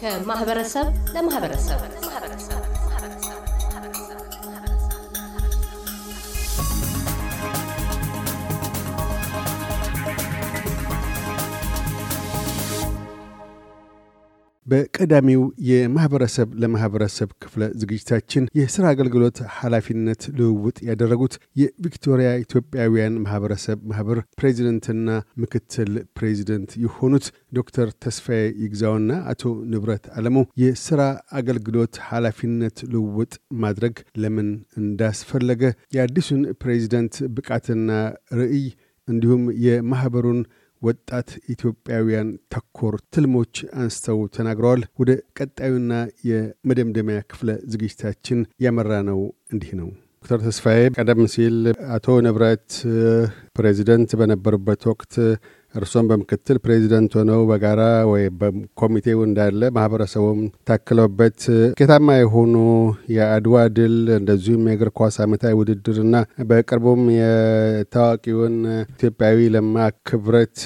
ከማህበረሰብ ለማህበረሰብ በቀዳሚው የማህበረሰብ ለማህበረሰብ ክፍለ ዝግጅታችን የሥራ አገልግሎት ኃላፊነት ልውውጥ ያደረጉት የቪክቶሪያ ኢትዮጵያውያን ማህበረሰብ ማህበር ፕሬዚደንትና ምክትል ፕሬዚደንት የሆኑት ዶክተር ተስፋዬ ይግዛውና አቶ ንብረት አለሙ የሥራ አገልግሎት ኃላፊነት ልውውጥ ማድረግ ለምን እንዳስፈለገ የአዲሱን ፕሬዚደንት ብቃትና ርእይ እንዲሁም የማኅበሩን ወጣት ኢትዮጵያውያን ተኮር ትልሞች አንስተው ተናግረዋል። ወደ ቀጣዩና የመደምደሚያ ክፍለ ዝግጅታችን ያመራ ነው እንዲህ ነው። ዶክተር ተስፋዬ ቀደም ሲል አቶ ንብረት ፕሬዚደንት በነበሩበት ወቅት እርሶም በምክትል ፕሬዚደንት ሆነው በጋራ ወይ በኮሚቴው እንዳለ ማህበረሰቡም ታክለውበት ስኬታማ የሆኑ የአድዋ ድል እንደዚሁም የእግር ኳስ ዓመታዊ ውድድርና በቅርቡም የታዋቂውን ኢትዮጵያዊ ለማ ክብረት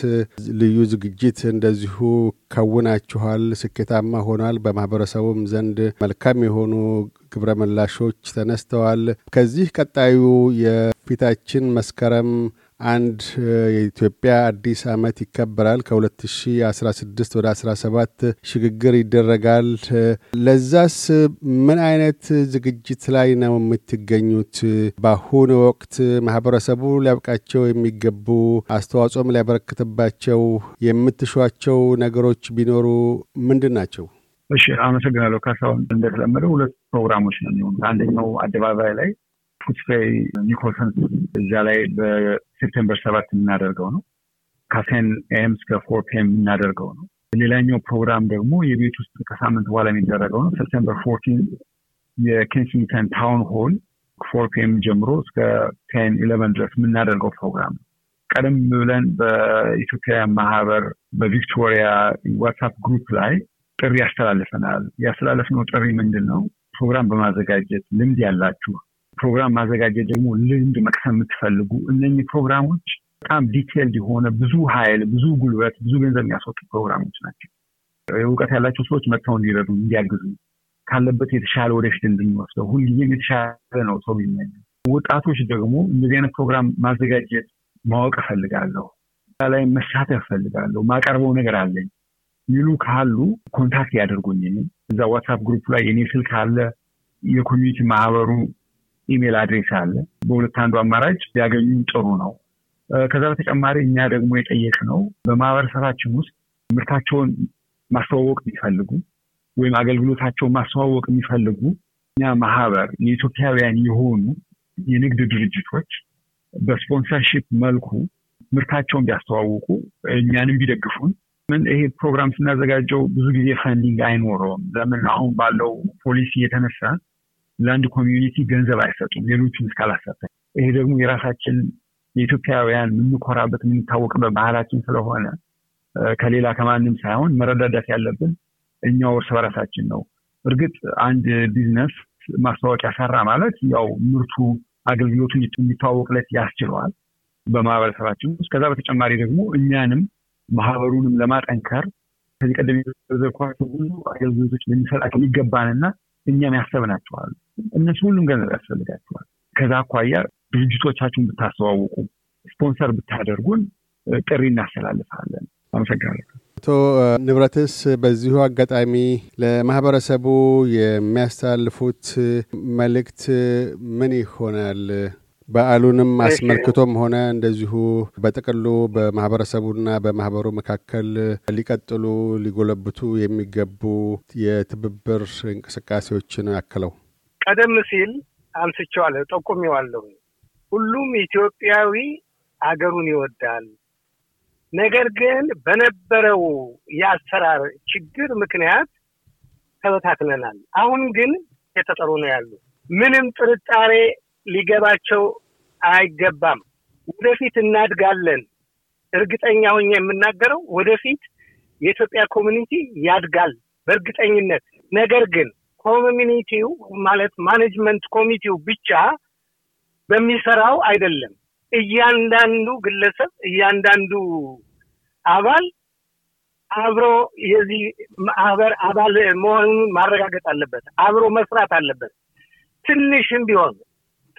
ልዩ ዝግጅት እንደዚሁ ከውናችኋል። ስኬታማ ሆኗል። በማህበረሰቡም ዘንድ መልካም የሆኑ ግብረ መላሾች ተነስተዋል። ከዚህ ቀጣዩ የፊታችን መስከረም አንድ የኢትዮጵያ አዲስ ዓመት ይከበራል። ከ2016 ወደ 17 ሽግግር ይደረጋል። ለዛስ ምን አይነት ዝግጅት ላይ ነው የምትገኙት? በአሁኑ ወቅት ማህበረሰቡ ሊያውቃቸው የሚገቡ አስተዋጽኦም ሊያበረክትባቸው የምትሿቸው ነገሮች ቢኖሩ ምንድን ናቸው? እሺ፣ አመሰግናለሁ ካሳሁን። እንደተለመደ ሁለት ፕሮግራሞች ነው የሚሆኑት። አንደኛው አደባባይ ላይ ፉትፌይ ኒኮልሰን እዛ ላይ በሴፕቴምበር ሰባት የምናደርገው ነው። ከቴን ኤም እስከ ፎር ፒኤም የምናደርገው ነው። ሌላኛው ፕሮግራም ደግሞ የቤት ውስጥ ከሳምንት በኋላ የሚደረገው ነው። ሴፕቴምበር ፎርቲን የኬንሲንግተን ታውን ሆል ፎር ፒኤም ጀምሮ እስከ ቴን ኢለቨን ድረስ የምናደርገው ፕሮግራም ቀደም ብለን በኢትዮጵያውያን ማህበር በቪክቶሪያ ዋትሳፕ ግሩፕ ላይ ጥሪ ያስተላልፈናል። ያስተላለፍነው ጥሪ ምንድን ነው? ፕሮግራም በማዘጋጀት ልምድ ያላችሁ ፕሮግራም ማዘጋጀት ደግሞ ልምድ መቅሰም የምትፈልጉ እነኚህ ፕሮግራሞች በጣም ዲቴልድ የሆነ ብዙ ኃይል፣ ብዙ ጉልበት፣ ብዙ ገንዘብ የሚያስወጡ ፕሮግራሞች ናቸው። እውቀት ያላቸው ሰዎች መጥተው እንዲረዱ እንዲያግዙ ካለበት የተሻለ ወደፊት እንድንወስደው ሁልጊዜም የተሻለ ነው ሰው ይመኝ። ወጣቶች ደግሞ እንደዚህ አይነት ፕሮግራም ማዘጋጀት ማወቅ እፈልጋለሁ፣ ላይ መሳተፍ እፈልጋለሁ፣ ማቀርበው ነገር አለኝ ይሉ ካሉ ኮንታክት ያደርጉኝ። እዛ ዋትሳፕ ግሩፕ ላይ የኔ ስልክ አለ። የኮሚኒቲ ማህበሩ ኢሜል አድሬስ አለ። በሁለት አንዱ አማራጭ ሊያገኙን ጥሩ ነው። ከዛ በተጨማሪ እኛ ደግሞ የጠየቅ ነው በማህበረሰባችን ውስጥ ምርታቸውን ማስተዋወቅ የሚፈልጉ ወይም አገልግሎታቸውን ማስተዋወቅ የሚፈልጉ እኛ ማህበር የኢትዮጵያውያን የሆኑ የንግድ ድርጅቶች በስፖንሰርሺፕ መልኩ ምርታቸውን ቢያስተዋውቁ እኛንም ቢደግፉን። ምን ይሄ ፕሮግራም ስናዘጋጀው ብዙ ጊዜ ፈንዲንግ አይኖረውም። ለምን አሁን ባለው ፖሊሲ የተነሳ ለአንድ ኮሚዩኒቲ ገንዘብ አይሰጡም ሌሎቹን እስካላሰጠ። ይሄ ደግሞ የራሳችን የኢትዮጵያውያን የምንኮራበት የምንታወቅበት ባህላችን ስለሆነ ከሌላ ከማንም ሳይሆን መረዳዳት ያለብን እኛው እርስ በራሳችን ነው። እርግጥ አንድ ቢዝነስ ማስታወቂያ ሰራ ማለት ያው ምርቱ አገልግሎቱ እንዲተዋወቅለት ያስችለዋል በማህበረሰባችን ውስጥ። ከዛ በተጨማሪ ደግሞ እኛንም ማህበሩንም ለማጠንከር ከዚህ ቀደም የዘርኳቸው ብዙ አገልግሎቶች ልንሰጣቸው ይገባንና እኛም ያሰብናቸዋል። እነሱ ሁሉም ገንዘብ ያስፈልጋቸዋል። ከዛ አኳያ ድርጅቶቻችሁን ብታስተዋውቁ፣ ስፖንሰር ብታደርጉን ጥሪ እናስተላልፋለን። አመሰግናለሁ። አቶ ንብረትስ በዚሁ አጋጣሚ ለማህበረሰቡ የሚያስተላልፉት መልእክት ምን ይሆናል? በዓሉንም አስመልክቶም ሆነ እንደዚሁ በጥቅሉ በማህበረሰቡና በማህበሩ መካከል ሊቀጥሉ ሊጎለብቱ የሚገቡ የትብብር እንቅስቃሴዎችን ያክለው ቀደም ሲል አንስቼዋለሁ፣ ጠቁሜዋለሁ። ሁሉም ኢትዮጵያዊ አገሩን ይወዳል። ነገር ግን በነበረው የአሰራር ችግር ምክንያት ተበታትነናል። አሁን ግን የተጠሩ ነው ያሉ ምንም ጥርጣሬ ሊገባቸው አይገባም። ወደፊት እናድጋለን። እርግጠኛ ሆኜ የምናገረው ወደፊት የኢትዮጵያ ኮሚኒቲ ያድጋል በእርግጠኝነት። ነገር ግን ኮሚኒቲው ማለት ማኔጅመንት ኮሚቴው ብቻ በሚሰራው አይደለም። እያንዳንዱ ግለሰብ፣ እያንዳንዱ አባል አብሮ የዚህ ማህበር አባል መሆኑን ማረጋገጥ አለበት። አብሮ መስራት አለበት። ትንሽም ቢሆን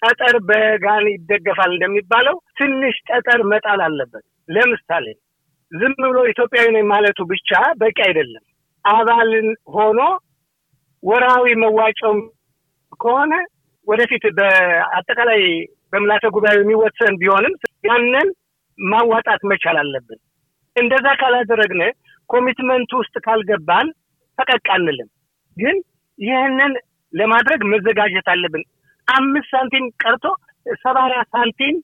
ጠጠር በጋን ይደገፋል እንደሚባለው ትንሽ ጠጠር መጣል አለበት። ለምሳሌ ዝም ብሎ ኢትዮጵያዊ ነኝ ማለቱ ብቻ በቂ አይደለም። አባልን ሆኖ ወራዊ መዋጮም ከሆነ ወደፊት በአጠቃላይ በምላተ ጉባኤ የሚወሰን ቢሆንም ያንን ማዋጣት መቻል አለብን። እንደዛ ካላደረግን ኮሚትመንት ውስጥ ካልገባን ፈቀቅ አንልም። ግን ይህንን ለማድረግ መዘጋጀት አለብን። አምስት ሳንቲም ቀርቶ ሰባ ሳንቲም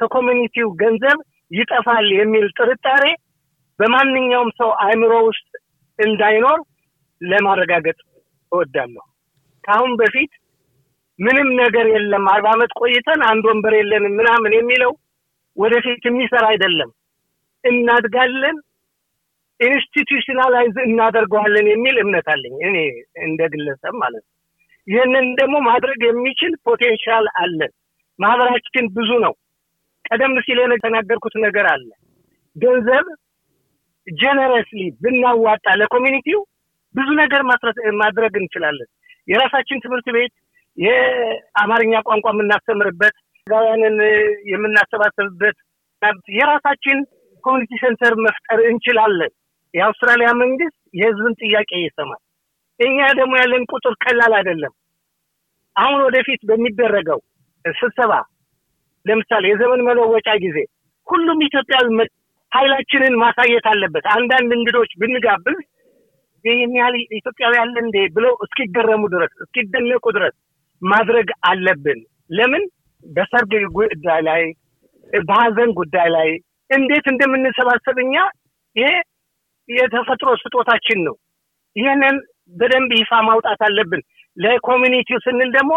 ከኮሚኒቲው ገንዘብ ይጠፋል የሚል ጥርጣሬ በማንኛውም ሰው አእምሮ ውስጥ እንዳይኖር ለማረጋገጥ እወዳለሁ። ከአሁን በፊት ምንም ነገር የለም፣ አርባ ዓመት ቆይተን አንድ ወንበር የለንም ምናምን የሚለው ወደፊት የሚሰራ አይደለም። እናድጋለን፣ ኢንስቲቱሽናላይዝ እናደርገዋለን የሚል እምነት አለኝ እኔ እንደ ግለሰብ ማለት ነው። ይህንን ደግሞ ማድረግ የሚችል ፖቴንሻል አለን። ማህበራችን ብዙ ነው። ቀደም ሲል የተናገርኩት ነገር አለ። ገንዘብ ጀነረስሊ ብናዋጣ ለኮሚኒቲው ብዙ ነገር ማድረግ እንችላለን። የራሳችን ትምህርት ቤት፣ የአማርኛ ቋንቋ የምናስተምርበት፣ ጋውያንን የምናሰባሰብበት፣ የራሳችን ኮሚኒቲ ሴንተር መፍጠር እንችላለን። የአውስትራሊያ መንግስት የህዝብን ጥያቄ ይሰማል። እኛ ደግሞ ያለን ቁጥር ቀላል አይደለም። አሁን ወደፊት በሚደረገው ስብሰባ ለምሳሌ የዘመን መለወጫ ጊዜ ሁሉም ኢትዮጵያዊ ኃይላችንን ማሳየት አለበት። አንዳንድ እንግዶች ብንጋብዝ ይህን ያህል ኢትዮጵያዊ ያለ እንዴ ብለው እስኪገረሙ ድረስ እስኪደነቁ ድረስ ማድረግ አለብን። ለምን በሰርግ ጉዳይ ላይ፣ በሀዘን ጉዳይ ላይ እንዴት እንደምንሰባሰብ እኛ ይሄ የተፈጥሮ ስጦታችን ነው። ይህንን በደንብ ይፋ ማውጣት አለብን። ለኮሚኒቲው ስንል ደግሞ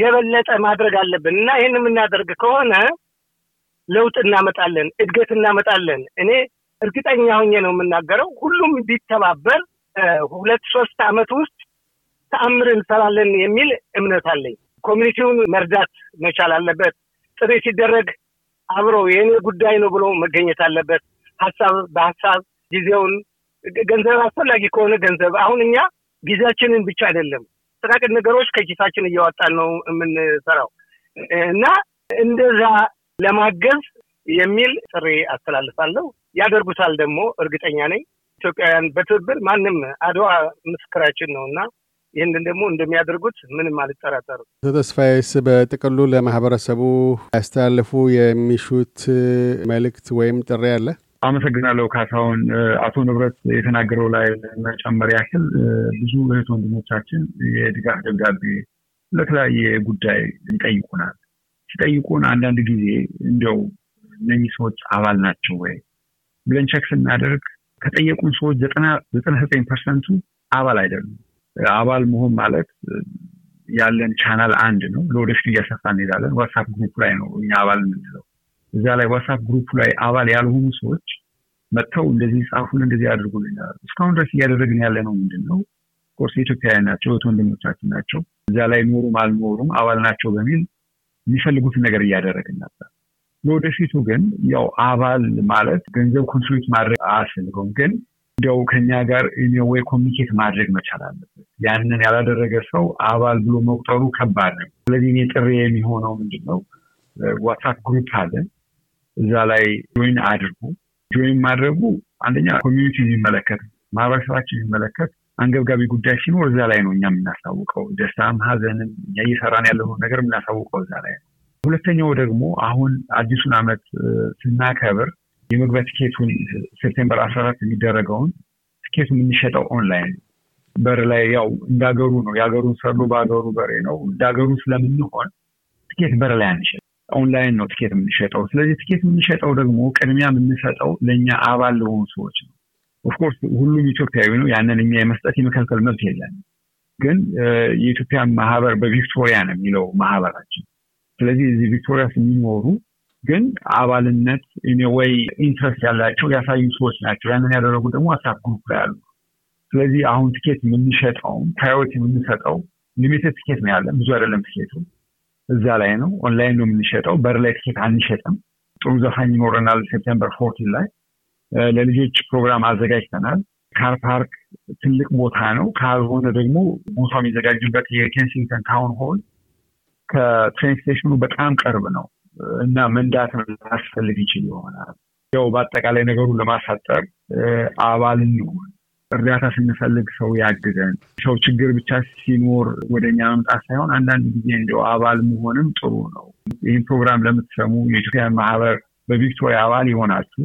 የበለጠ ማድረግ አለብን እና ይህን የምናደርግ ከሆነ ለውጥ እናመጣለን፣ እድገት እናመጣለን። እኔ እርግጠኛ ሆኜ ነው የምናገረው። ሁሉም ቢተባበር ሁለት ሶስት አመት ውስጥ ተአምር እንሰራለን የሚል እምነት አለኝ። ኮሚኒቲውን መርዳት መቻል አለበት። ጥሪ ሲደረግ አብሮ የእኔ ጉዳይ ነው ብሎ መገኘት አለበት። ሀሳብ በሀሳብ ጊዜውን ገንዘብ አስፈላጊ ከሆነ ገንዘብ አሁን እኛ ጊዜያችንን ብቻ አይደለም ጥቃቅን ነገሮች ከኪሳችን እያወጣን ነው የምንሰራው እና እንደዛ ለማገዝ የሚል ጥሪ አስተላልፋለሁ። ያደርጉታል ደግሞ እርግጠኛ ነኝ። ኢትዮጵያውያን በትብብር ማንም አድዋ ምስክራችን ነው እና ይህንን ደግሞ እንደሚያደርጉት ምንም አልጠራጠርም። ተስፋዬስ በጥቅሉ ለማህበረሰቡ ያስተላልፉ የሚሹት መልእክት ወይም ጥሪ አለ? አመሰግናለሁ ካሳሁን። አቶ ንብረት የተናገረው ላይ መጨመር ያህል ብዙ እህት ወንድሞቻችን የድጋፍ ደብዳቤ ለተለያየ ጉዳይ ይጠይቁናል። ሲጠይቁን አንዳንድ ጊዜ እንደው እነኚህ ሰዎች አባል ናቸው ወይ ብለን ቸክ ስናደርግ ከጠየቁን ሰዎች ዘጠና ዘጠኝ ፐርሰንቱ አባል አይደሉም። አባል መሆን ማለት ያለን ቻናል አንድ ነው። ለወደፊት እያሰፋ እንሄዳለን። ዋትሳፕ ግሩፕ ላይ ነው እኛ አባል የምንለው እዛ ላይ ዋትሳፕ ግሩፕ ላይ አባል ያልሆኑ ሰዎች መጥተው እንደዚህ ጻፉን እንደዚህ አድርጉልን እስካሁን ድረስ እያደረግን ያለ ነው ምንድን ነው ኮርስ የኢትዮጵያውያን ናቸው ወት ወንድሞቻችን ናቸው። እዛ ላይ ኖሩም አልኖሩም አባል ናቸው በሚል የሚፈልጉትን ነገር እያደረግን ነበር። ለወደፊቱ ግን ያው አባል ማለት ገንዘብ ኮንትሪት ማድረግ አያስፈልገውም፣ ግን እንዲያው ከኛ ጋር ወይ ኮሚኒኬት ማድረግ መቻል አለበት። ያንን ያላደረገ ሰው አባል ብሎ መቁጠሩ ከባድ ነው። ስለዚህ እኔ ጥሪ የሚሆነው ምንድን ነው ዋትሳፕ ግሩፕ አለን እዛ ላይ ጆይን አድርጉ። ጆይን ማድረጉ አንደኛ ኮሚኒቲ የሚመለከት ማህበረሰባችን የሚመለከት አንገብጋቢ ጉዳይ ሲኖር እዛ ላይ ነው እኛ የምናሳውቀው። ደስታም ሀዘንም እኛ እየሰራን ያለውን ነገር የምናሳውቀው እዛ ላይ ነው። ሁለተኛው ደግሞ አሁን አዲሱን ዓመት ስናከብር የመግቢያ ትኬቱን ሴፕቴምበር አስራ አራት የሚደረገውን ትኬቱ የምንሸጠው ኦንላይን በር ላይ ያው እንዳገሩ ነው። የሀገሩን ሰሎ በሀገሩ በሬ ነው። እንዳገሩ ስለምንሆን ትኬት በር ላይ አንሸጥ ኦንላይን ነው ትኬት የምንሸጠው። ስለዚህ ትኬት የምንሸጠው ደግሞ ቅድሚያ የምንሰጠው ለእኛ አባል ለሆኑ ሰዎች ነው። ኦፍኮርስ ሁሉም ኢትዮጵያዊ ነው። ያንን እኛ የመስጠት የመከልከል መብት የለን። ግን የኢትዮጵያ ማህበር በቪክቶሪያ ነው የሚለው ማህበራችን። ስለዚህ እዚህ ቪክቶሪያ የሚኖሩ ግን አባልነት ወይ ኢንትረስት ያላቸው ያሳዩ ሰዎች ናቸው። ያንን ያደረጉ ደግሞ ዋትሳፕ ግሩፕ ላይ ያሉ። ስለዚህ አሁን ትኬት የምንሸጠውም ፕራዮሪቲ የምንሰጠው ሊሚትድ ትኬት ነው ያለን፣ ብዙ አይደለም ትኬቱ እዛ ላይ ነው። ኦንላይን ነው የምንሸጠው። በር ላይ ትኬት አንሸጥም። ጥሩ ዘፋኝ ይኖረናል። ሴፕቴምበር ፎርቲን ላይ ለልጆች ፕሮግራም አዘጋጅተናል። ካር ፓርክ ትልቅ ቦታ ነው። ካልሆነ ደግሞ ቦታ የሚዘጋጅበት የኬንሲንግተን ታውን ሆል ከትሬን ስቴሽኑ በጣም ቅርብ ነው እና መንዳት ላስፈልግ ይችል ይሆናል። ያው በአጠቃላይ ነገሩን ለማሳጠር አባል እንሆን እርዳታ ስንፈልግ ሰው ያግዘን። ሰው ችግር ብቻ ሲኖር ወደ እኛ መምጣት ሳይሆን አንዳንድ ጊዜ እንደው አባል መሆንም ጥሩ ነው። ይህን ፕሮግራም ለምትሰሙ የኢትዮጵያን ማህበር በቪክቶሪያ አባል የሆናችሁ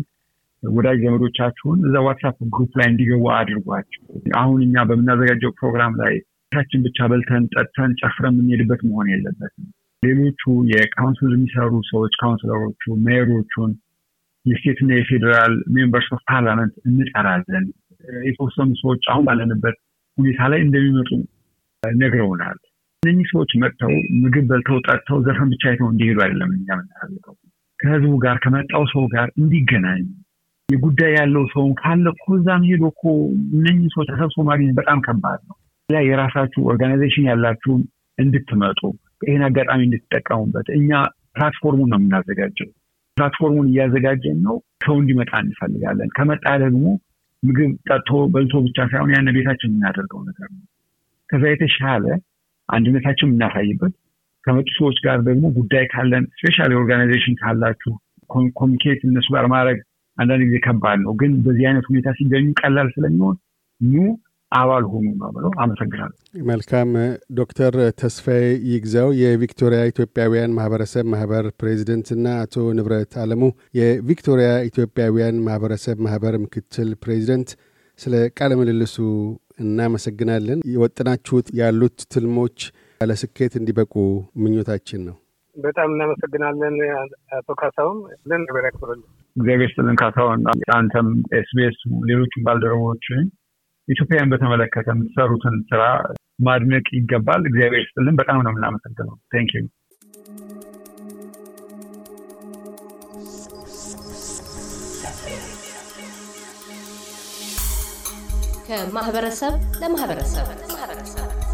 ወዳጅ ዘመዶቻችሁን እዛ ዋትሳፕ ግሩፕ ላይ እንዲገቡ አድርጓቸው። አሁን እኛ በምናዘጋጀው ፕሮግራም ላይ ታችን ብቻ በልተን ጠጥተን ጨፍረን የምንሄድበት መሆን የለበትም። ሌሎቹ የካውንስል የሚሰሩ ሰዎች ካውንስለሮቹ፣ ሜየሮቹን የስቴትና የፌዴራል ሜምበርስ ኦፍ ፓርላመንት እንጠራለን። የተወሰኑ ሰዎች አሁን ባለንበት ሁኔታ ላይ እንደሚመጡ ነግረውናል። እነኚህ ሰዎች መጥተው ምግብ በልተው ጠጥተው ዘፈን ብቻ አይተው እንዲሄዱ አይደለም እኛ የምናፈልገው፣ ከህዝቡ ጋር ከመጣው ሰው ጋር እንዲገናኝ የጉዳይ ያለው ሰውን ካለ እኮ እዛም ሄዶ እኮ እነኚህ ሰዎች ተሰብሶ ማግኘት በጣም ከባድ ነው። ላይ የራሳችሁ ኦርጋናይዜሽን ያላችሁን እንድትመጡ ይህን አጋጣሚ እንድትጠቀሙበት እኛ ፕላትፎርሙን ነው የምናዘጋጀው። ፕላትፎርሙን እያዘጋጀን ነው። ሰው እንዲመጣ እንፈልጋለን። ከመጣ ደግሞ ምግብ ጠጥቶ በልቶ ብቻ ሳይሆን ያን ቤታችን የምናደርገው ነገር ነው። ከዛ የተሻለ አንድነታችን የምናሳይበት ከመጡ ሰዎች ጋር ደግሞ ጉዳይ ካለን ስፔሻል ኦርጋናይዜሽን ካላችሁ ኮሚኒኬት እነሱ ጋር ማድረግ አንዳንድ ጊዜ ከባድ ነው፣ ግን በዚህ አይነት ሁኔታ ሲገኙ ቀላል ስለሚሆን ኑ አባል ሆኑ ነው ብለው አመሰግናለሁ። መልካም ዶክተር ተስፋዬ ይግዛው የቪክቶሪያ ኢትዮጵያውያን ማህበረሰብ ማህበር ፕሬዚደንትና አቶ ንብረት አለሙ የቪክቶሪያ ኢትዮጵያውያን ማህበረሰብ ማህበር ምክትል ፕሬዚደንት ስለ ቃለ ምልልሱ እናመሰግናለን። የወጥናችሁት ያሉት ትልሞች ለስኬት እንዲበቁ ምኞታችን ነው። በጣም እናመሰግናለን አቶ ካሳሁን ልን እግዚአብሔር ስጥልን ካሳሁን፣ አንተም ኤስቢኤስ ሌሎችም ባልደረቦች ኢትዮጵያን በተመለከተ የምትሰሩትን ስራ ማድነቅ ይገባል። እግዚአብሔር ስጥልን በጣም ነው የምናመሰግነው። ቴንክ ዩ ከማህበረሰብ ለማህበረሰብ